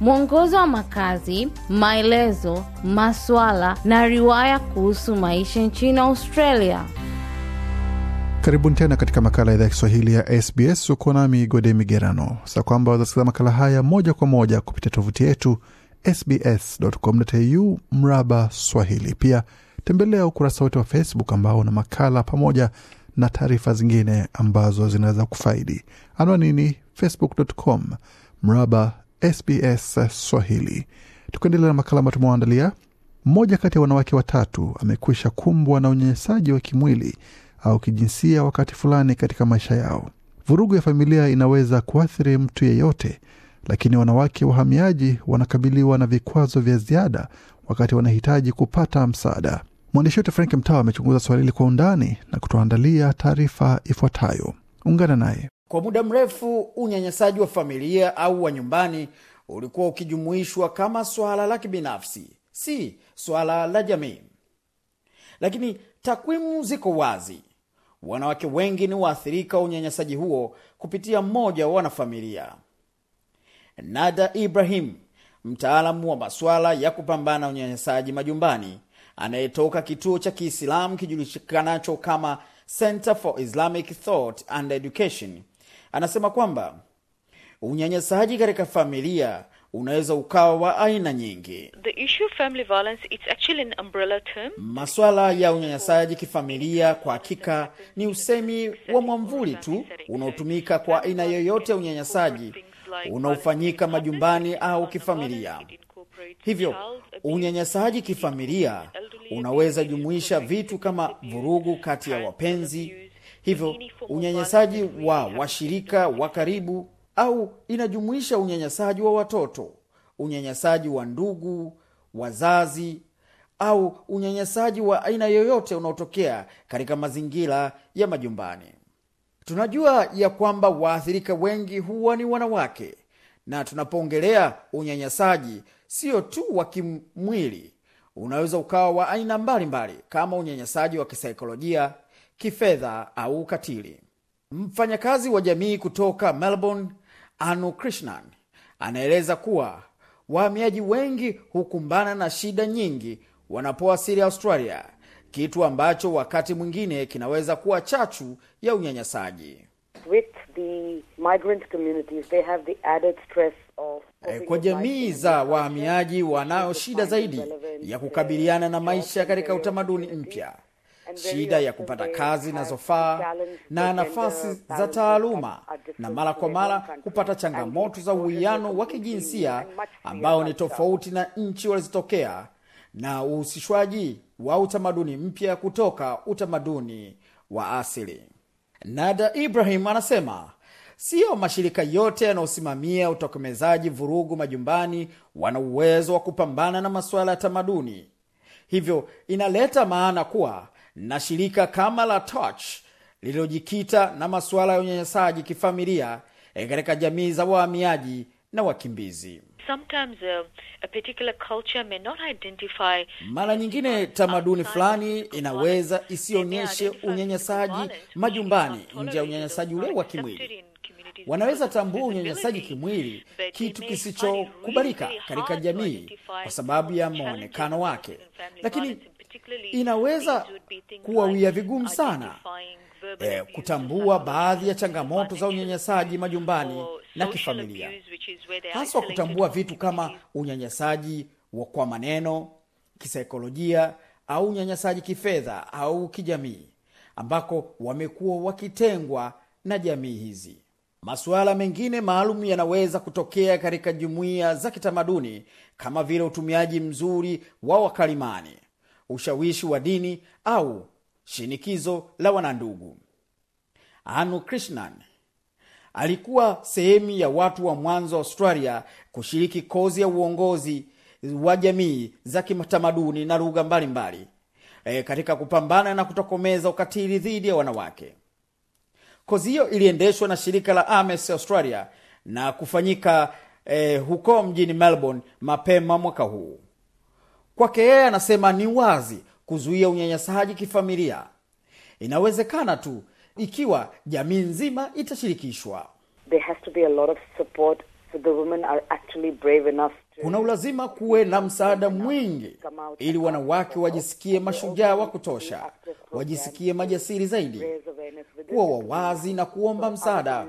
mwongozo wa makazi, maelezo, maswala na riwaya kuhusu maisha nchini Australia. Karibuni tena katika makala ya idhaa ya Kiswahili ya SBS. Uko nami Gode Migerano. Sa kwamba wazasikiza makala haya moja kwa moja kupitia tovuti yetu sbs.com.au mraba Swahili. Pia tembelea ukurasa wetu wa Facebook ambao una makala pamoja na taarifa zingine ambazo zinaweza kufaidi. Anwani ni facebook.com mraba SBS Swahili. Tukaendelea na makala ambayo tumewaandalia, mmoja kati ya wanawake watatu amekwisha kumbwa na unyanyasaji wa kimwili au kijinsia wakati fulani katika maisha yao. Vurugu ya familia inaweza kuathiri mtu yeyote, lakini wanawake wahamiaji wanakabiliwa na vikwazo vya ziada wakati wanahitaji kupata msaada. Mwandishi wetu Frank Mtawa amechunguza swali hili kwa undani na kutuandalia taarifa ifuatayo. Ungana naye. Kwa muda mrefu unyanyasaji wa familia au wa nyumbani ulikuwa ukijumuishwa kama swala la kibinafsi, si swala la jamii. Lakini takwimu ziko wazi, wanawake wengi ni waathirika wa unyanyasaji huo kupitia mmoja wa wanafamilia. Nada Ibrahim, mtaalamu wa masuala ya kupambana unyanyasaji majumbani anayetoka kituo cha Kiislamu kijulikanacho kama Center for Islamic Thought and Education Anasema kwamba unyanyasaji katika familia unaweza ukawa wa aina nyingi. The issue of family violence, it's actually an umbrella term. Maswala ya unyanyasaji kifamilia kwa hakika ni usemi wa mwamvuli tu unaotumika kwa aina yoyote ya unyanyasaji unaofanyika majumbani au kifamilia. Hivyo unyanyasaji kifamilia unaweza jumuisha vitu kama vurugu kati ya wapenzi Hivyo unyanyasaji wa washirika wa karibu au inajumuisha unyanyasaji wa watoto, unyanyasaji wa ndugu, wazazi au unyanyasaji wa aina yoyote unaotokea katika mazingira ya majumbani. Tunajua ya kwamba waathirika wengi huwa ni wanawake, na tunapoongelea unyanyasaji sio tu wa kimwili, unaweza ukawa wa aina mbalimbali mbali, kama unyanyasaji wa kisaikolojia, kifedha au ukatili. Mfanyakazi wa jamii kutoka Melbourne, Anu Krishnan, anaeleza kuwa wahamiaji wengi hukumbana na shida nyingi wanapowasili Australia, kitu ambacho wakati mwingine kinaweza kuwa chachu ya unyanyasaji. Eh, kwa jamii za wahamiaji, wanayo shida zaidi ya kukabiliana na eh, maisha katika utamaduni mpya shida ya kupata kazi nazofaa na nafasi za taaluma, na mara kwa mara kupata changamoto za uwiano wa kijinsia ambao ni tofauti na nchi walizotokea, na uhusishwaji wa utamaduni mpya kutoka utamaduni wa asili. Nada Ibrahim anasema Siyo mashirika yote yanayosimamia utokomezaji vurugu majumbani wana uwezo wa kupambana na masuala ya tamaduni. Hivyo inaleta maana kuwa na shirika kama la toch lililojikita na masuala ya unyanyasaji kifamilia eh, katika jamii za wahamiaji na wakimbizi. mara nyingine tamaduni fulani inaweza isionyeshe unyanyasaji majumbani nje ya unyanyasaji ule wa kimwili. Wanaweza tambua unyanyasaji kimwili, kitu kisichokubalika katika jamii, kwa sababu ya maonekano wake, lakini inaweza kuwawia vigumu sana eh, kutambua baadhi ya changamoto za unyanyasaji majumbani na kifamilia, haswa kutambua vitu kama unyanyasaji wa kwa maneno, kisaikolojia au unyanyasaji kifedha au kijamii, ambako wamekuwa wakitengwa na jamii hizi. Masuala mengine maalum yanaweza kutokea katika jumuiya za kitamaduni kama vile utumiaji mzuri wa wakalimani ushawishi wa dini au shinikizo la wanandugu. Anu Krishnan alikuwa sehemu ya watu wa mwanzo wa Australia kushiriki kozi ya uongozi wa jamii za kitamaduni na lugha mbalimbali e, katika kupambana na kutokomeza ukatili dhidi ya wanawake. Kozi hiyo iliendeshwa na shirika la Ames Australia na kufanyika e, huko mjini Melbourne mapema mwaka huu. Kwake yeye anasema ni wazi kuzuia unyanyasaji kifamilia inawezekana tu ikiwa jamii nzima itashirikishwa. kuna ulazima kuwe na msaada mwingi ili wanawake wajisikie mashujaa wa kutosha, wajisikie majasiri zaidi, kuwa wawazi na kuomba msaada.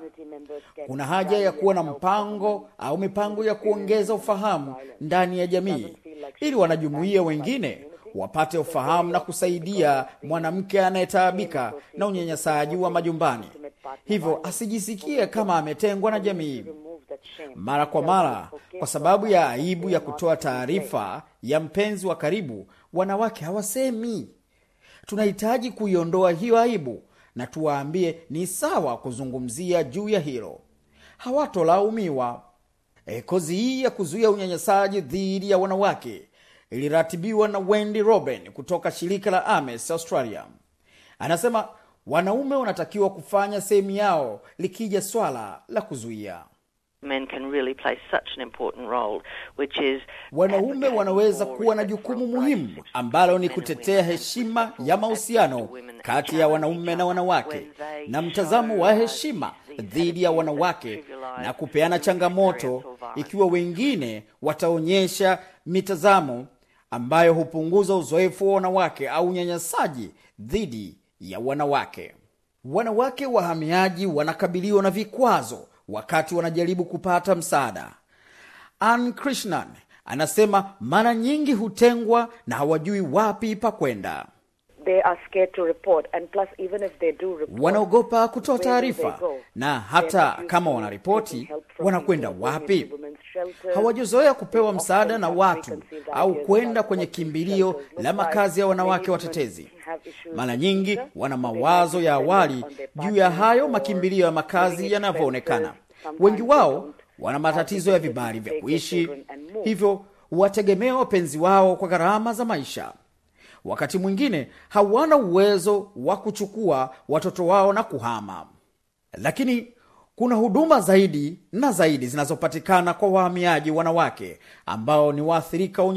Kuna haja ya kuwa na mpango au mipango ya kuongeza ufahamu ndani ya jamii ili wanajumuiya wengine wapate ufahamu na kusaidia mwanamke anayetaabika na unyanyasaji wa majumbani, hivyo asijisikie kama ametengwa na jamii mara kwa mara kwa sababu ya aibu ya kutoa taarifa ya mpenzi wa karibu. Wanawake hawasemi. Tunahitaji kuiondoa hiyo aibu na tuwaambie ni sawa kuzungumzia juu ya hilo, hawatolaumiwa. E, kozi hii ya kuzuia unyanyasaji dhidi ya wanawake iliratibiwa na Wendy Robin kutoka shirika la AMES Australia. Anasema wanaume wanatakiwa kufanya sehemu yao likija swala la kuzuia Men can really play such an important role, which is... wanaume wanaweza kuwa na jukumu muhimu ambalo ni kutetea heshima ya mahusiano kati ya wanaume na wanawake na mtazamo wa heshima dhidi ya wanawake na kupeana changamoto, ikiwa wengine wataonyesha mitazamo ambayo hupunguza uzoefu wa wanawake au unyanyasaji dhidi ya wanawake. Wanawake wahamiaji wanakabiliwa na vikwazo wakati wanajaribu kupata msaada. Ann Krishnan anasema mara nyingi hutengwa na hawajui wapi pa kwenda. They are scared to report and plus even if they do report, wanaogopa kutoa taarifa na hata kama wanaripoti wanakwenda wapi? Hawajazoea kupewa msaada na watu au kwenda kwenye kimbilio la makazi ya wanawake watetezi. Mara nyingi wana mawazo ya awali juu ya hayo makimbilio ya makazi yanavyoonekana. Wengi wao wana matatizo ya vibali vya kuishi, hivyo wategemea wapenzi wao kwa gharama za maisha wakati mwingine hawana uwezo wa kuchukua watoto wao na kuhama. Lakini kuna huduma zaidi na zaidi zinazopatikana kwa wahamiaji wanawake ambao ni waathirika wa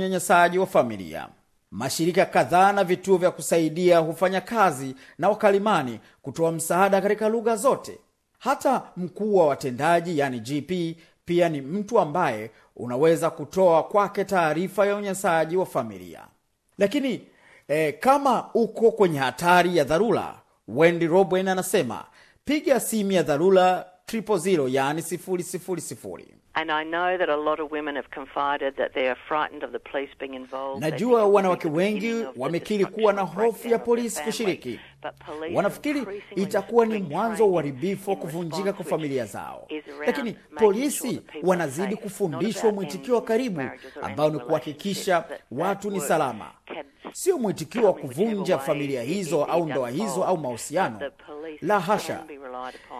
wa familia. Mashirika kadhaa na vituo vya kusaidia hufanya kazi na wakalimani kutoa msaada katika lugha zote. Hata mkuu wa watendaji yani GP pia ni mtu ambaye unaweza kutoa kwake taarifa ya unyenyesaji wa familia. Lakini E, kama uko kwenye hatari ya dharura, Wendy Robwen anasema piga simu ya dharura triple zero, yaani sifuri sifuri sifuri. Najua wanawake wengi wamekiri kuwa na hofu ya polisi kushiriki, wanafikiri itakuwa ni mwanzo wa uharibifu wa kuvunjika kwa familia zao, lakini polisi wanazidi kufundishwa mwitikio wa karibu ambao ni kuhakikisha watu ni salama, sio mwitikio wa kuvunja familia hizo au ndoa hizo au mahusiano. La hasha,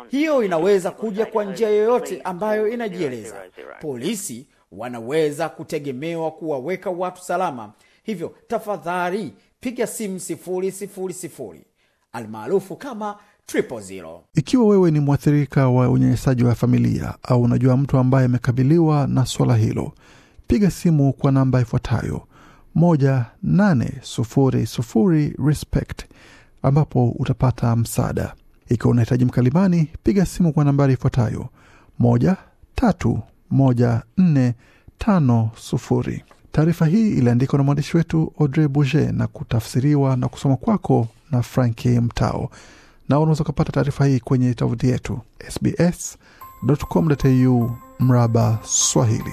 hiyo inaweza kuja kwa njia yoyote ambayo inajieleza. Polisi wanaweza kutegemewa kuwaweka watu salama. Hivyo tafadhali piga simu sifuri sifuri sifuri almaarufu kama zero. Ikiwa wewe ni mwathirika wa unyanyasaji wa familia au unajua mtu ambaye amekabiliwa na swala hilo, piga simu kwa namba ifuatayo 1800 respect ambapo utapata msaada. Ikiwa unahitaji mkalimani, piga simu kwa nambari ifuatayo 131450. Taarifa hii iliandikwa na mwandishi wetu Audrey Bouget na kutafsiriwa na kusoma kwako na Franki Mtao, na unaweza ukapata taarifa hii kwenye tovuti yetu sbs.com.au mraba Swahili.